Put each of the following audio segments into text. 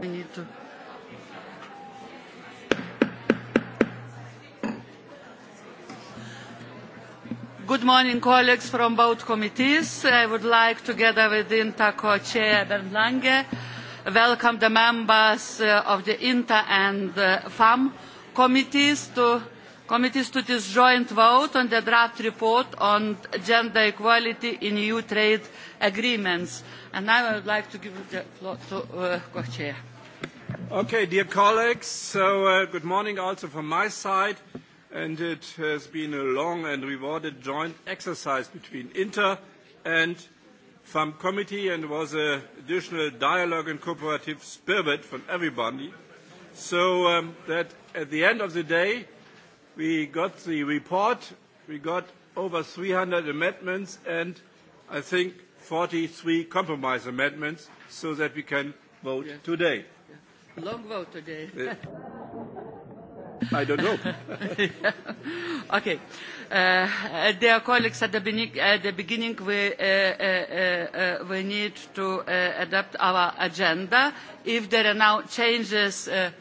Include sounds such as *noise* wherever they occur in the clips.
Minutu. Good morning, colleagues from both committees. I would like, together with INTA co-chair Bernd Lange, welcome the members uh, of the INTA and uh, FAM committees to, committees to this joint vote on the draft report on gender equality in EU trade agreements. And now I would like to give the floor to uh, co-chair. Okay, dear colleagues, so uh, good morning also from my side. And it has been a long and rewarded joint exercise between Inter and FAM committee and was an additional dialogue and cooperative spirit from everybody. So um, that at the end of the day, we got the report, we got over 300 amendments and I think 43 compromise amendments so that we can vote yeah. today. Yeah. Long vote today. Eh, I don't know. *laughs* okay. Uh, uh, dear colleagues, at the, beginning, at uh, the beginning we, uh, uh, uh, uh, we need to uh, adapt our agenda. If there are now changes, uh,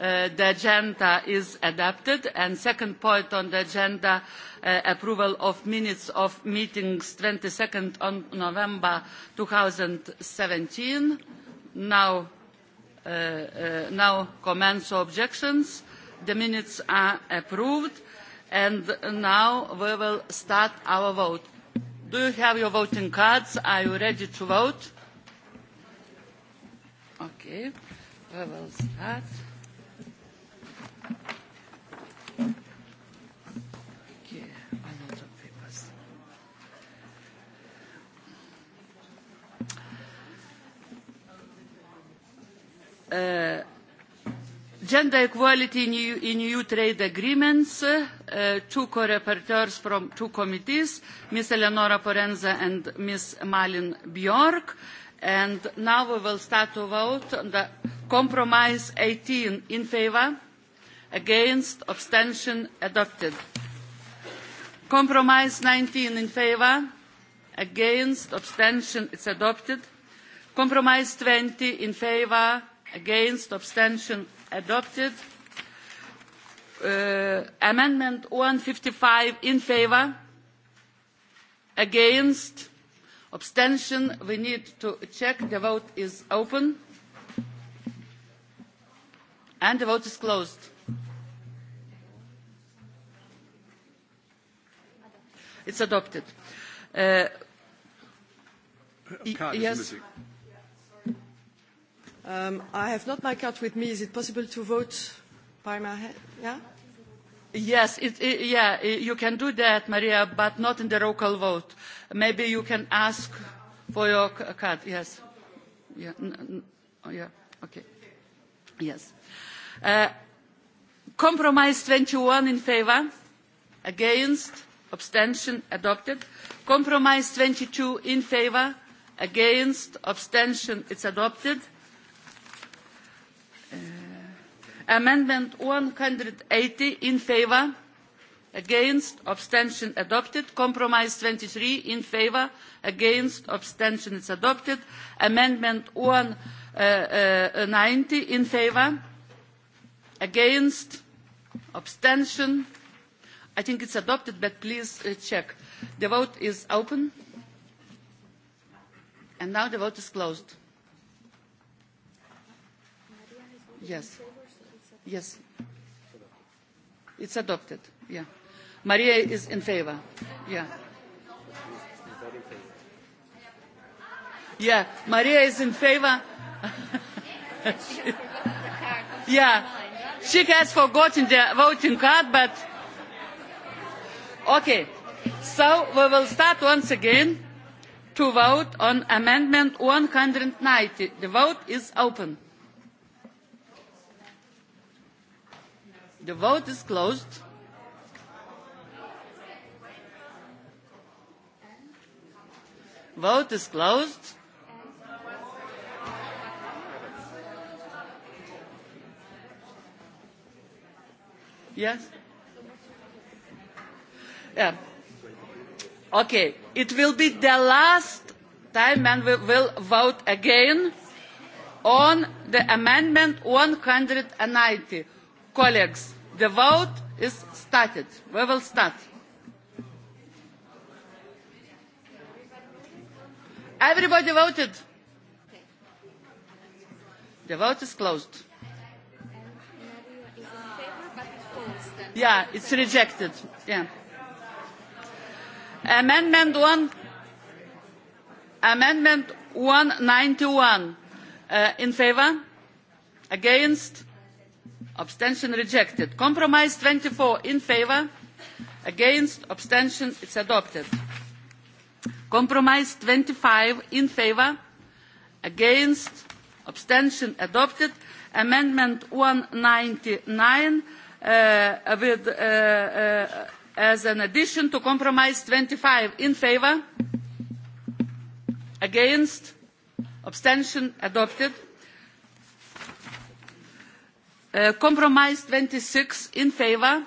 uh, the agenda is adapted. And second point on the agenda, uh, approval of minutes of meetings 22nd on November 2017. Now, uh, uh, no comments or objections. The minutes are approved. And now we will start our vote. Do you have your voting cards? Are you ready to vote? Okay, we will start. uh, gender equality in EU, in EU trade agreements, uh, two co-rapporteurs from two committees, Ms. Eleonora Forenza and Ms. Malin Bjork. And now we will start to vote on the compromise 18 in favor, against, abstention, adopted. Compromise 19 in favor, against, abstention, it's adopted. Compromise 20 in favor, against abstention adopted uh, amendment 155 in favor against abstention we need to check the vote is open and the vote is closed it's adopted uh, yes missing. Um, I have not my card with me. Is it possible to vote by my hand? Yeah? Yes, it, it, yeah, you can do that, Maria, but not in the roll call vote. Maybe you can ask for your uh, card. Yes. Yeah. N n oh, yeah. Okay. Yes. Uh, compromise 21 in favor, against, abstention adopted. Compromise 22 in favor, against, abstention it's adopted. Uh, amendment one hundred and eighty in favour against abstention adopted compromise twenty three in favour against abstention is adopted amendment one hundred uh, uh, and ninety in favour against abstention i think it's adopted but please uh, check the vote is open and now the vote is closed yes Yes. It's adopted. Yeah. Maria is in favor. Yeah. Yeah, Maria is in favor. *laughs* yeah. She has forgotten the voting card, but okay. So we will start once again to vote on amendment 190. The vote is open. The vote is closed. Vote is closed. Yes? Yeah. Okay. It will be the last time when we will vote again on the amendment 190. Colleagues, The vote is started. We will start. Everybody voted. The vote is closed. Yeah, it's rejected. Yeah. Amendment 1. Amendment 191. Uh, in favor? Against? abstention rejected. compromise twenty four in favour against abstention it is adopted. compromise twenty five in favour against abstention adopted. amendment one hundred and ninety nine uh, uh, uh, as an addition to compromise twenty five in favour against abstention adopted Uh, compromise twenty six in favour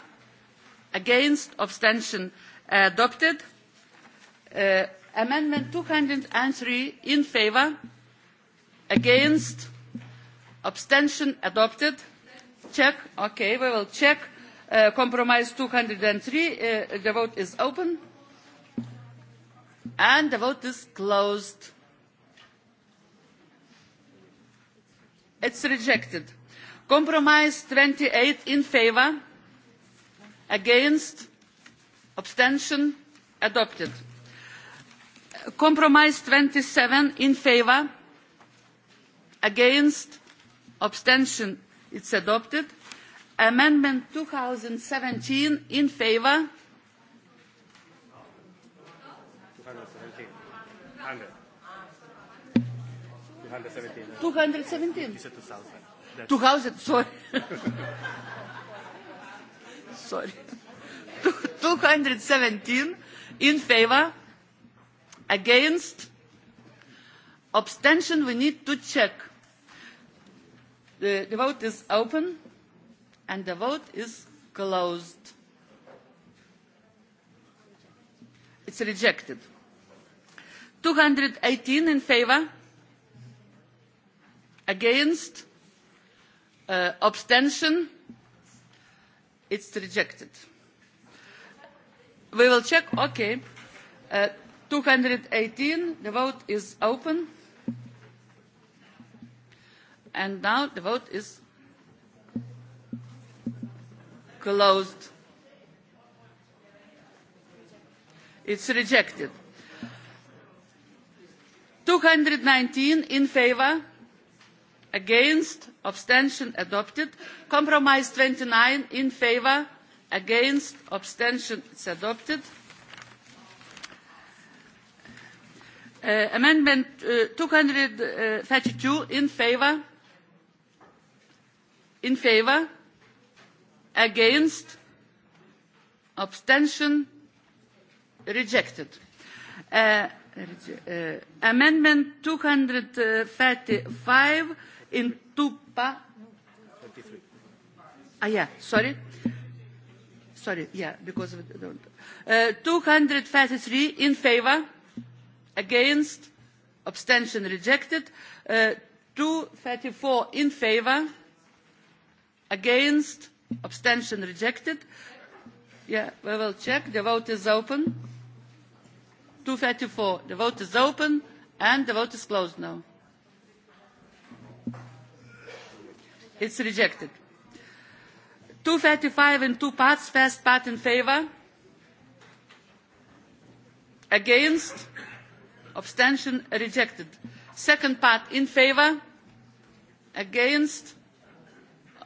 against abstention adopted uh, amendment two hundred and three in favour against abstention adopted check okay we will check uh, compromise two hundred and three uh, the vote is open and the vote is closed it's rejected compromise twenty eight in favour against abstention adopted compromise twenty seven in favour against abstention it is adopted amendment two thousand and seventeen in favour two hundred and seventeen 2000, sorry. *laughs* sorry. 217 in favor, against, abstention, we need to check. The, the vote is open and the vote is closed. It's rejected. 218 in favor, against, Uh, abstention it's rejected we will check okay uh, 218 the vote is open and now the vote is closed it's rejected 219 in favor against abstention adopted compromise twenty nine in favour against abstention it's adopted uh, amendment uh, two hundred and thirty two in favour in favour against abstention rejected uh, uh, amendment two hundred and thirty five in Tupa. 23. Ah, yeah, sorry. Sorry, yeah, because of the, uh, 233 in favor, against, abstention rejected. Uh, 234 in favor, against, abstention rejected. Yeah, we will check. The vote is open. 234. The vote is open and the vote is closed now. It's rejected. 235 in two parts, first part in favor. Against. Abstention rejected. Second part in favor. Against.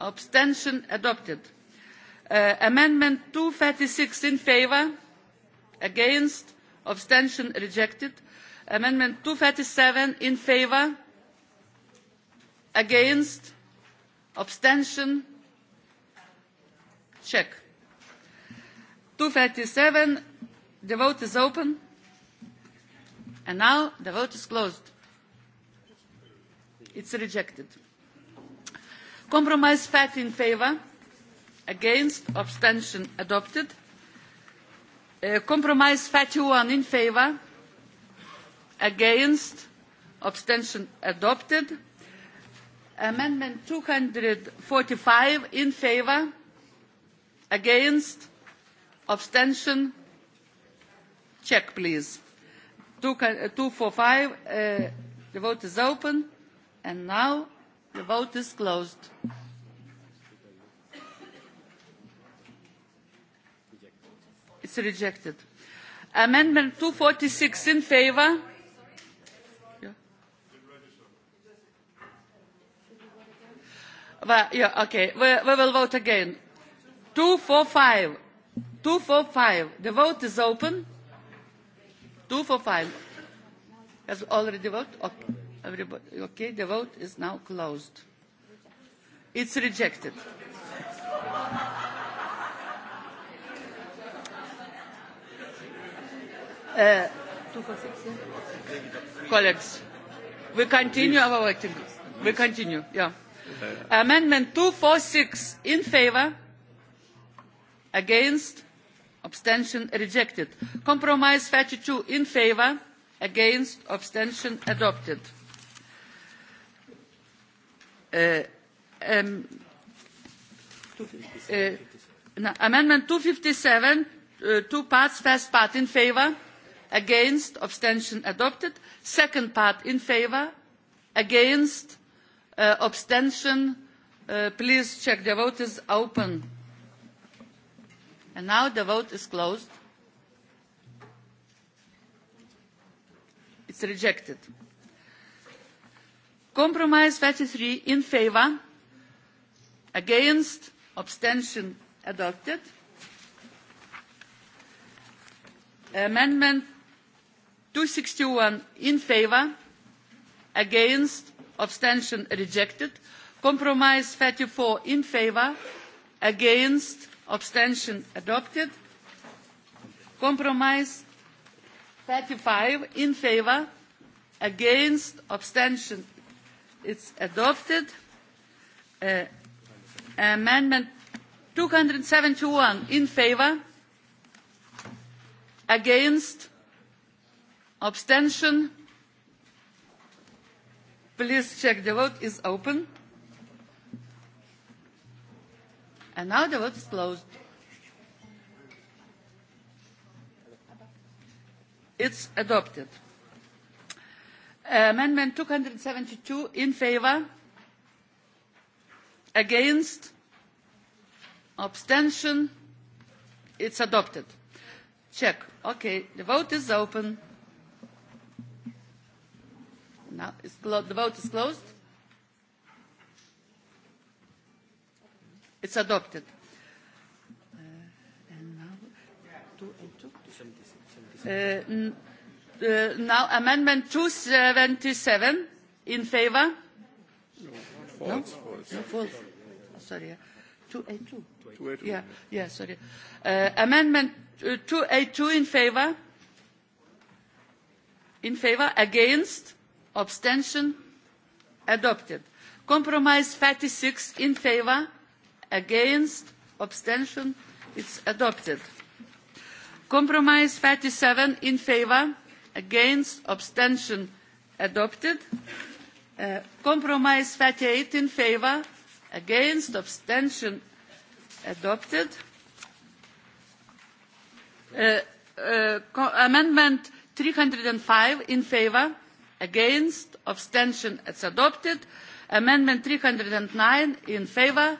Abstention adopted. Uh, amendment 236 in favor. Against. Abstention rejected. Amendment 237 in favor. Against abstention check 237 the vote is open and now the vote is closed it's rejected compromise fat in favor against abstention adopted uh, compromise fatty one in favor against abstention adopted Amendment 245 in favor, against, abstention, check please. 245, uh, uh, the vote is open and now the vote is closed. It's rejected. Amendment 246 in favor, Well, yeah, okay. We, we will vote again. 245. 245. The vote is open. 245. Has already voted? Okay. Everybody, okay, the vote is now closed. It's rejected. Uh, colleagues, we continue our acting. We continue, yeah amendment two four six in favour against abstention rejected compromise thirty two in favour against abstention adopted uh, um, uh, no, amendment two fifty seven uh, two parts first part in favour against abstention adopted second part in favour against Uh, abstention. Uh, please check. The vote is open. And now the vote is closed. It's rejected. Compromise 33 in favor, against, abstention adopted. Amendment 261 in favor, against, abstention rejected compromise thirty four in favour against abstention adopted compromise thirty five in favour against abstention it is adopted uh, amendment two hundred and seventy one in favour against abstention Please check the vote is open. And now the vote is closed. It's adopted. Amendment 272 in favor, against, abstention. It's adopted. Check. Okay, the vote is open. Now is clo- the vote is closed. It's adopted. Uh, and now, two and two. Uh, n- uh, now amendment 277 in favor. No, false. No? False. No, false. Oh, sorry. 282. 282. Yeah, yeah, sorry. Uh, amendment uh, 282 in favor. In favor. Against abstention adopted compromise thirty six in favour against abstention it's adopted compromise thirty seven in favour against abstention adopted uh, compromise thirty eight in favour against abstention adopted uh, uh, amendment three hundred and five in favour against abstention it is adopted amendment three hundred and nine in favour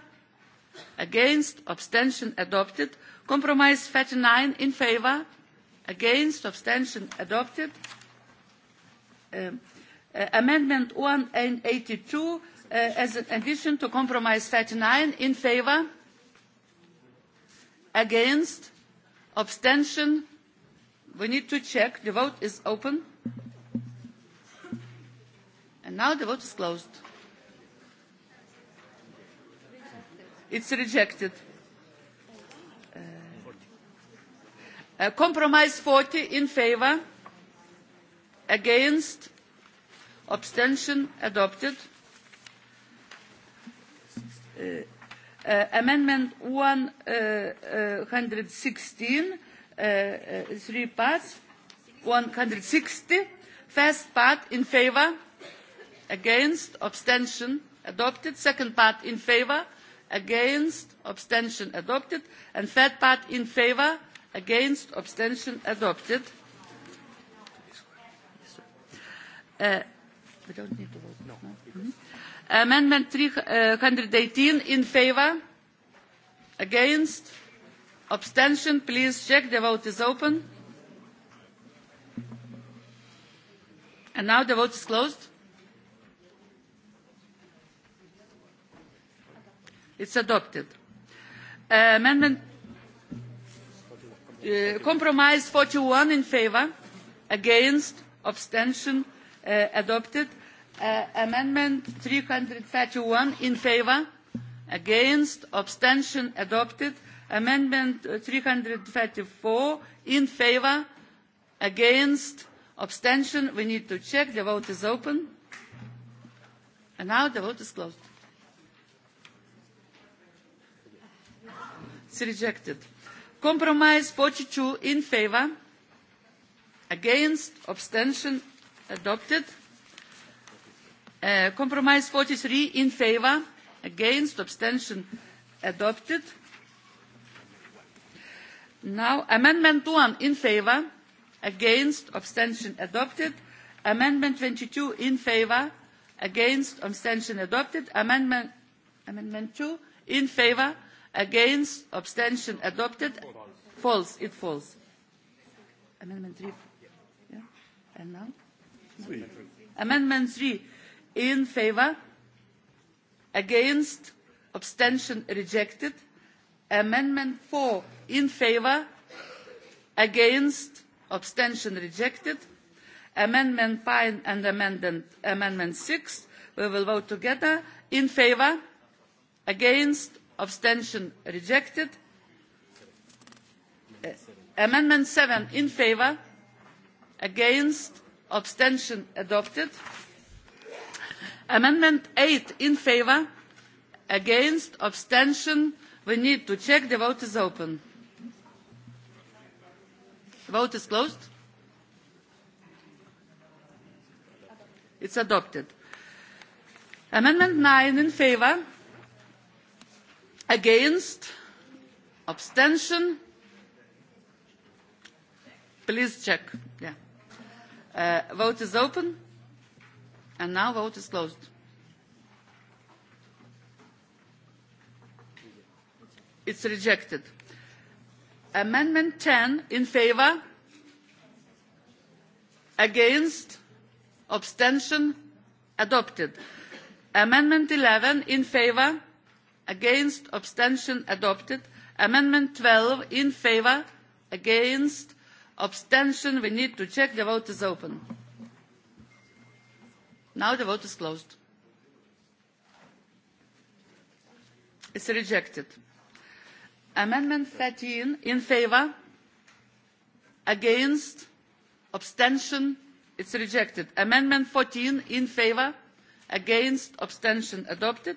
against abstention adopted compromise thirty nine in favour against abstention adopted um, uh, amendment one and eighty two uh, as an addition to compromise thirty nine in favour against abstention we need to check the vote is open And now the vote is closed. It's rejected. Uh, uh, compromise 40 in favor, against, abstention adopted. Uh, uh, amendment 116, uh uh, uh, uh, three parts, 160, first part in favor, against abstention adopted second part in favour against abstention adopted and third part in favour against abstention adopted uh, we don't need to vote no. No? Mm -hmm. amendment three hundred and eighteen in favour against abstention please check the vote is open and now the vote is closed It's adopted. Uh, amendment uh, compromise 41 in favor, against, abstention, uh, adopted. Uh, amendment 331 in favor, against, abstention, adopted. Amendment 334 uh, in favor, against, abstention. We need to check. The vote is open. And now the vote is closed. it's rejected. Compromise 42 in favour, against, abstention, adopted. Uh, compromise 43 in favour, against, abstention, adopted. Now, amendment 1 in favour, against, abstention, adopted. Amendment 22 in favour, against, abstention, adopted. Amendment, amendment 2 in favour, against abstention adopted false it falls amendment 3 yeah. and now three. amendment 3 in favor against abstention rejected amendment 4 in favor against abstention rejected amendment 5 and amendment, amendment 6 we will vote together in favor against abstention rejected uh, amendment seven in favour against abstention adopted amendment eight in favour against abstention we need to check the vote is open the vote is closed it's adopted amendment nine in favour against abstention please check yeah uh, vote is open and now vote is closed it's rejected amendment 10 in favor against abstention adopted amendment 11 in favor against abstention adopted amendment twelve in favour against abstention we need to check the vote is open now the vote is closed it's rejected amendment thirteen in favour against abstention it's rejected amendment fourteen in favour against abstention adopted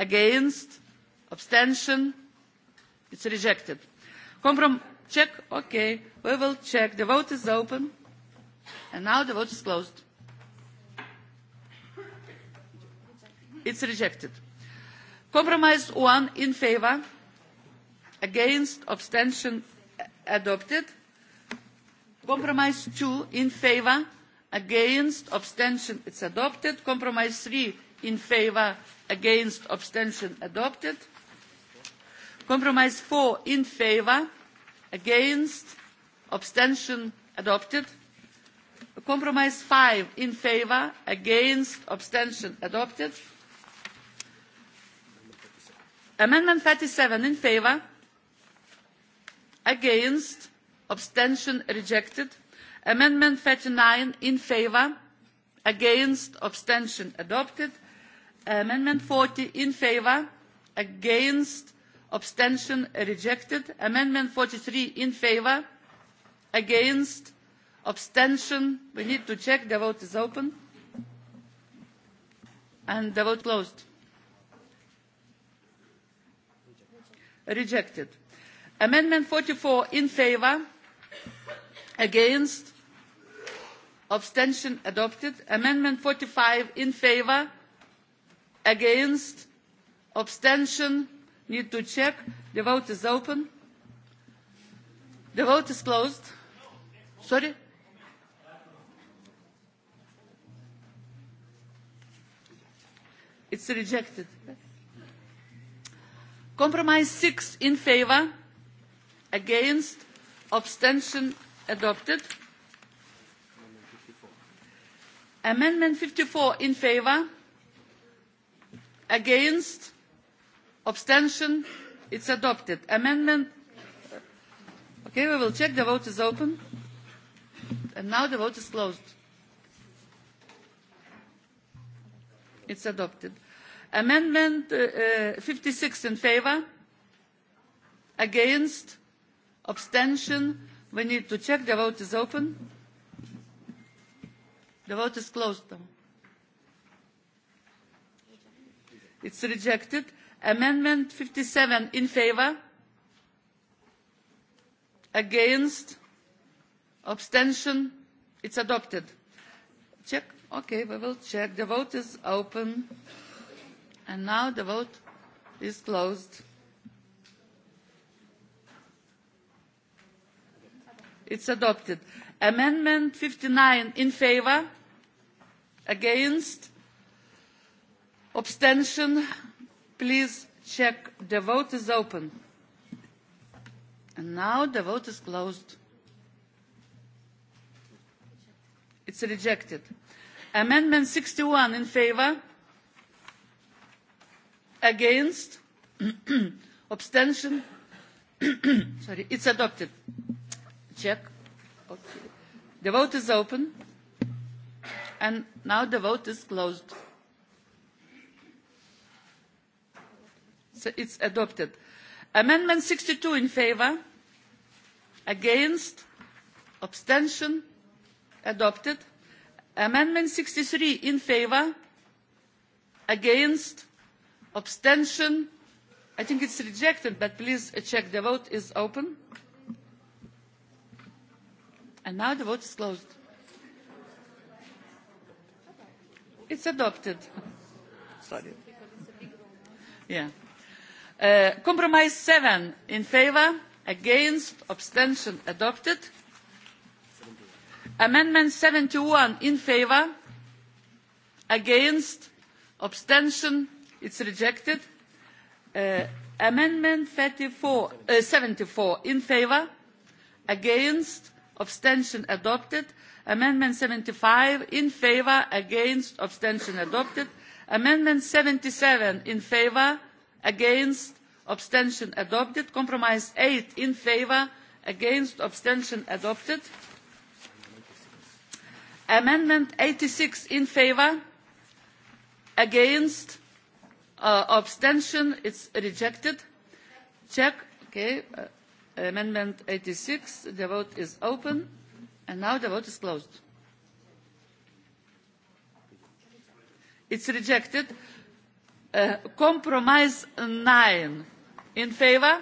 against abstention it's rejected comprom check okay we will check the vote is open and now the vote is closed it's rejected compromise one in favor against abstention adopted compromise two in favor against abstention it's adopted compromise three in favour against abstention adopted compromise four in favour against abstention adopted compromise five in favour against abstention adopted amendment thirty seven in favour against abstention rejected amendment thirty nine in favour against abstention adopted amendment forty in favour against abstention rejected amendment forty three in favour against abstention we need to check the vote is open and the vote closed rejected amendment forty four in favour against abstention adopted amendment forty five in favour against abstention need to check the vote is open the vote is closed sorry it's rejected compromise six in favour against abstention adopted amendment fifty four in favour against abstention it is adopted. amendment okay we will check the vote is open and now the vote is closed. it is adopted. amendment fifty uh, six uh, in favour against abstention we need to check the vote is open. the vote is closed now it's rejected amendment fifty seven in favour against abstention it's adopted check okay we will check the vote is open and now the vote is closed it's adopted amendment fifty nine in favour against abstention please check the vote is open and now the vote is closed it's rejected amendment sixty one in favour against *clears throat* abstention *clears throat* sorry it's adopted check okay. the vote is open and now the vote is closed So it's adopted. Amendment 62 in favor, against, abstention, adopted. Amendment 63 in favor, against, abstention, I think it's rejected, but please check the vote is open. And now the vote is closed. It's adopted. Sorry. Yeah. Uh, compromise seven in favour against abstention adopted amendment seventy one in favour against abstention it is rejected uh, amendment seventy four uh, in favour against abstention adopted amendment seventy five in favour against abstention adopted amendment seventy seven in favour against abstention adopted compromise eight in favour against abstention adopted amendment eighty six in favour against uh, abstention it is rejected check okay uh, amendment eighty six the vote is open and now the vote is closed it is rejected Uh, compromise nine in favour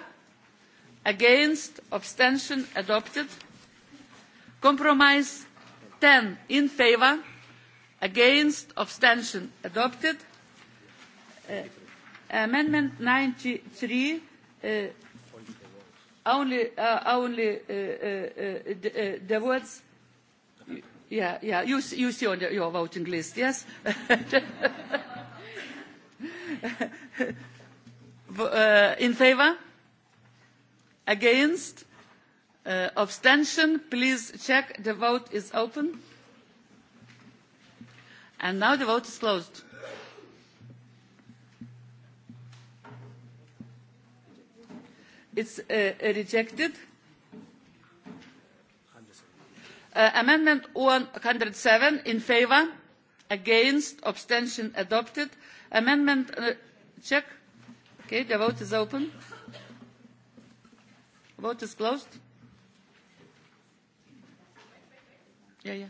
against abstention adopted compromise ten in favour against abstention adopted uh, amendment ninety three uh, only uh, only uh, uh, uh, uh, the words yeah yeah you you see on the, your voting list yes *laughs* *laughs* uh, in favour? Against? Uh, abstention? Please check. The vote is open. And now the vote is closed. It's uh, rejected. Uh, amendment one hundred and seven in favour against abstention adopted Amendment, uh, check. Okay, the vote is open. Vote is closed. Yeah, yeah.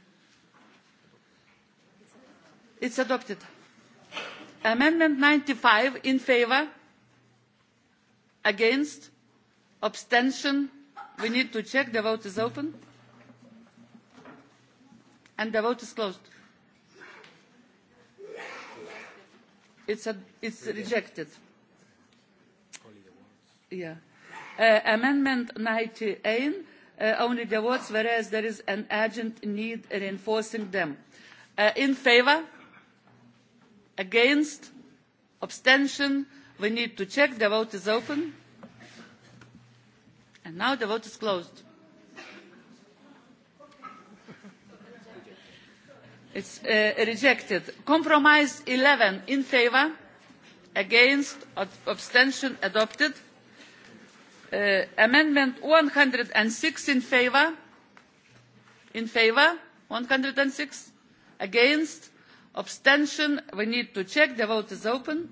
It's adopted. Amendment 95 in favor, against, abstention. We need to check. The vote is open. And the vote is closed. It's, a, it's rejected. Yeah. Uh, amendment 98, uh, only the words, whereas there is an urgent need reinforcing them. Uh, in favor? Against? Abstention? We need to check. The vote is open. And now the vote is closed it's uh, rejected compromise eleven in favour against abstention adopted uh, amendment one hundred and six in favour in favour one hundred and six against abstention we need to check the vote is open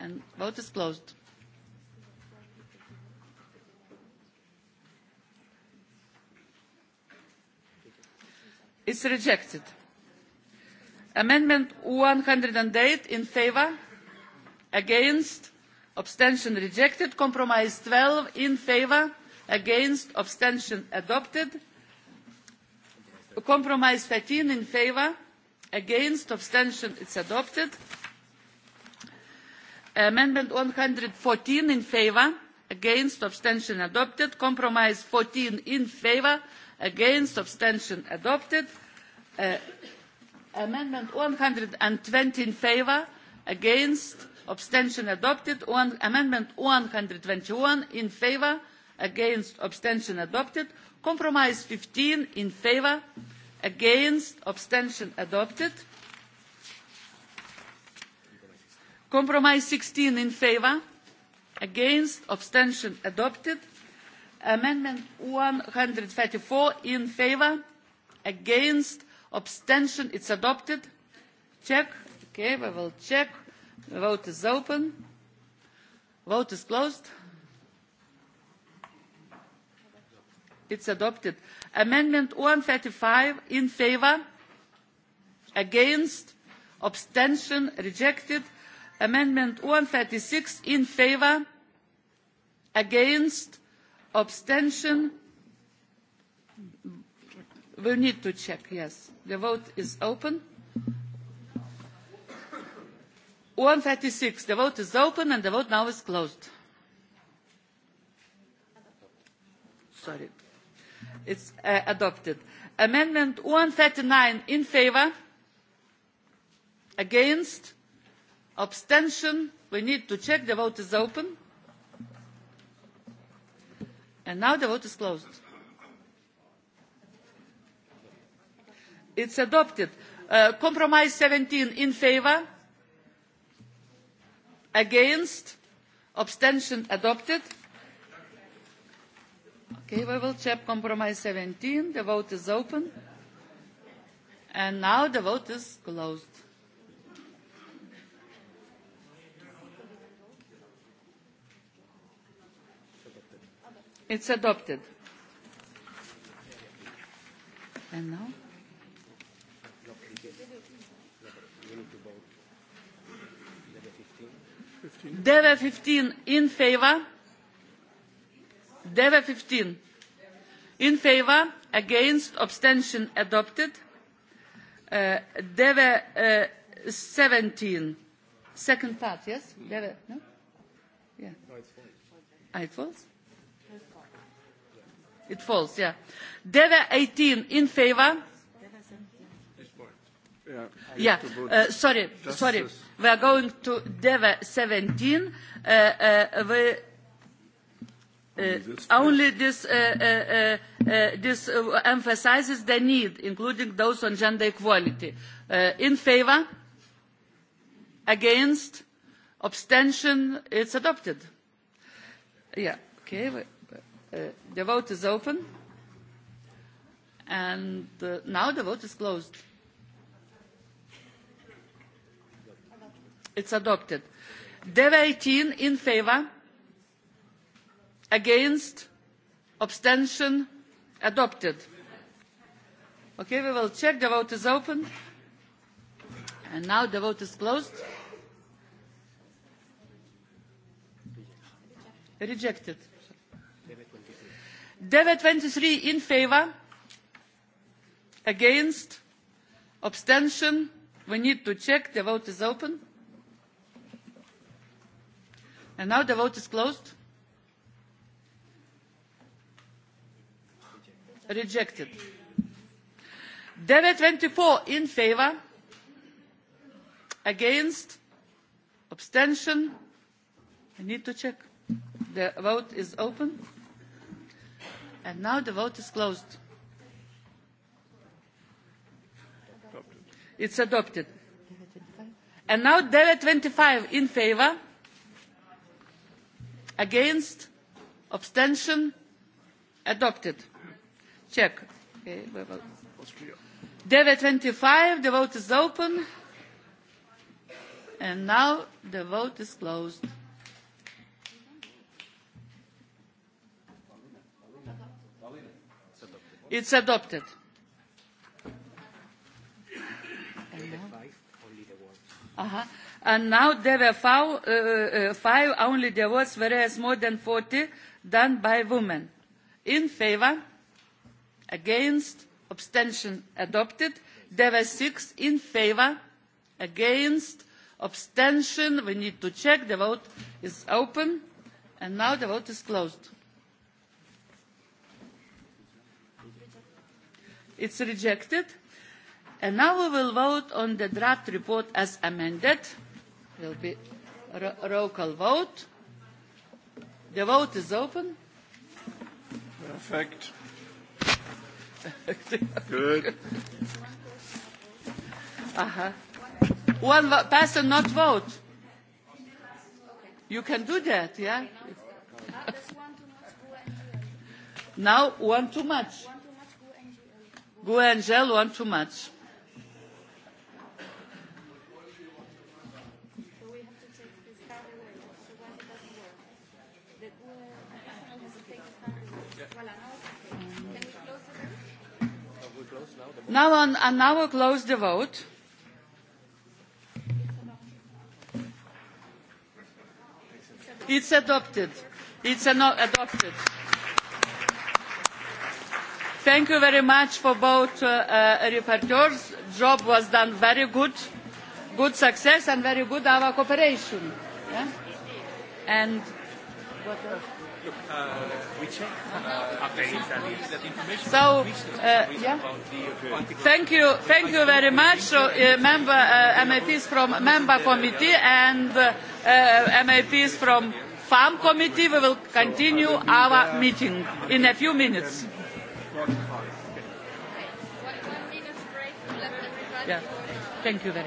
and vote is closed is rejected. amendment one hundred and eight in favour against abstention rejected compromise twelve in favour against abstention adopted compromise thirteen in favour against abstention it is adopted amendment one hundred and fourteen in favour against abstention adopted compromise fourteen in favour against abstention adopted uh, amendment one hundred and twenty in favour against abstention adopted one, amendment one hundred and twenty one in favour against abstention adopted compromise fifteen in favour against abstention adopted compromise sixteen in favour against abstention adopted amendment one hundred and thirty four in favour against abstention it is adopted check okay we will check the vote is open vote is closed it is adopted amendment one hundred and thirty five in favour against abstention rejected amendment one hundred and thirty six in favour against abstention we need to check yes the vote is open one thirty six the vote is open and the vote now is closed sorry it's uh, adopted amendment one thirty nine in favour against abstention we need to check the vote is open And now the vote is closed. It's adopted. Uh, compromise 17 in favor, against, abstention adopted. Okay, we will check compromise 17. The vote is open. And now the vote is closed. It's adopted. And now? Deve 15 in favor. Deve 15 in favor, against, abstention adopted. Uh, Deve uh, 17, second part, yes? Deve, no? Yeah. No, it falls. Ah, it falls? It falls, yeah. Deve 18 in favor. Yeah, yeah. Uh, sorry, justice. sorry. We are going to Deve 17. Uh, uh, we, Uh, only this, uh, uh, uh, uh, this uh, emphasizes the need, including those on gender equality. Uh, in favor? Against? Abstention? It's adopted. Yeah. Okay. Uh, the vote is open. And uh, now the vote is closed. It's adopted. Dev 18 in favor, against, abstention, adopted. Okay, we will check. The vote is open. And now the vote is closed. Rejected DV23 in favor, against, abstention. We need to check. The vote is open. And now the vote is closed. Rejected. DV24 in favor, against, abstention. I need to check. The vote is open. And now the vote is closed. Adopted. It's adopted. And now Dele 25 in favor, against, abstention, adopted. Check. Okay, Dele 25, the vote is open. And now the vote is closed. It's adopted. Uh-huh. And now there were five, uh, uh five only the awards, whereas more than 40 done by women. In favor, against, abstention adopted. There were six in favor, against, abstention. We need to check. The vote is open. And now the vote is closed. It's rejected. And now we will vote on the draft report as amended. Will be roll call vote. The vote is open. Perfect. *laughs* Good. Uh-huh. One person not vote. You can do that, yeah? Now one too much. One Gue and Zell want too much. Now on, and now we'll close the vote. It's adopted. It's an adopted. Thank you very much for both uh, uh, reporters. Job was done very good, good success and very good our cooperation. Yeah? And what else? Look, uh, we check uh, after Italy that information. So, uh, yeah. Uh, thank you, thank you very much, so, uh, member uh, MEPs from member committee and uh, uh, MEPs from farm committee. We will continue our meeting in a few minutes. Yeah. Thank you very much.